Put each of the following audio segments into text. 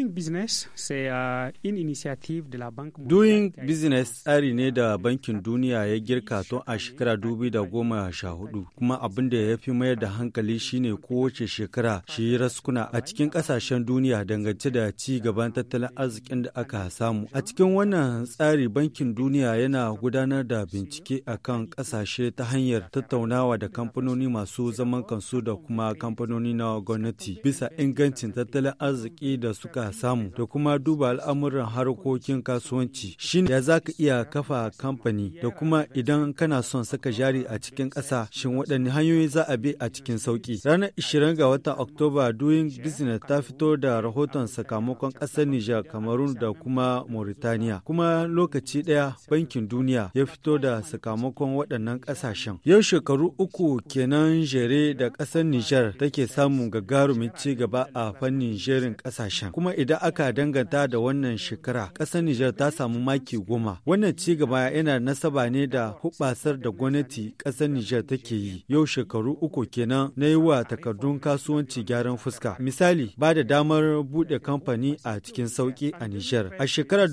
Doing Business uh, initiative tsari ne da Bankin Duniya ya girka tun a shekara da goma hudu kuma abin da ya fi mayar da hankali shine kowace shekara shi raskuna a cikin kasashen duniya dangance da ci gaban tattalin arzikin da aka samu. A cikin wannan tsari Bankin Duniya yana gudanar da bincike a kan kasashe ta hanyar tattaunawa da kamfanoni masu zaman kansu da kuma kamfanoni na gwamnati bisa ingancin tattalin arziki da suka samu da kuma duba al'amuran harkokin kasuwanci shin ya za ka iya kafa kamfani da kuma idan kana son saka jari a cikin ƙasa shin waɗanne hanyoyi za a bi a cikin sauƙi ranar 20 ga watan oktoba doing business ta fito da rahoton sakamakon ƙasar niger kamarun da kuma mauritania kuma lokaci ɗaya bankin duniya ya fito da sakamakon waɗannan ƙasashen yau shekaru uku kenan jere da ƙasar nijar take samun gagarumin ci gaba a fannin jerin ƙasashen kuma idan aka danganta da wannan shekara, ƙasar Nijar ta samu maki goma. Wannan ci gaba yana nasaba ne da hubasar da gwamnati ƙasar Nijar take yi. Yau shekaru uku kenan na yi wa takardun kasuwanci gyaran fuska. Misali, ba da damar buɗe kamfani a cikin sauƙi a Nijar. A shekara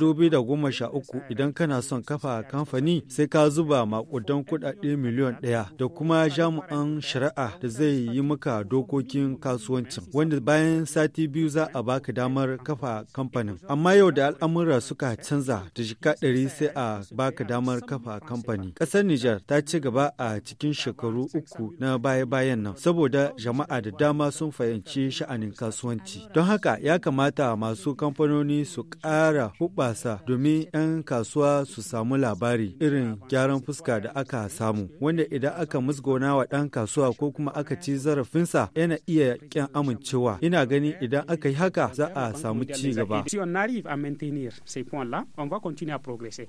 goma sha uku idan kana son kafa kamfani sai ka zuba makudan kuɗaɗe miliyon ɗaya da kuma jami'an shari'a da zai yi maka dokokin kasuwancin wanda bayan sati biyu za a baka damar kafa kamfanin. Amma yau da al'amura suka canza da shika ɗari sai a baka damar kafa kamfani. Ƙasar Nijar ta ci gaba a cikin shekaru uku na baya-bayan nan saboda jama'a da dama sun fahimci sha'anin kasuwanci. Don haka ya kamata masu kamfanoni su ƙara huɓasa domin 'yan kasuwa su samu labari irin gyaran fuska da aka samu wanda idan aka musgona wa ɗan kasuwa ko kuma aka ci zarafinsa yana iya ƙyan amincewa. Ina gani idan aka yi haka za a Si on arrive à maintenir ces points-là, on va continuer à progresser.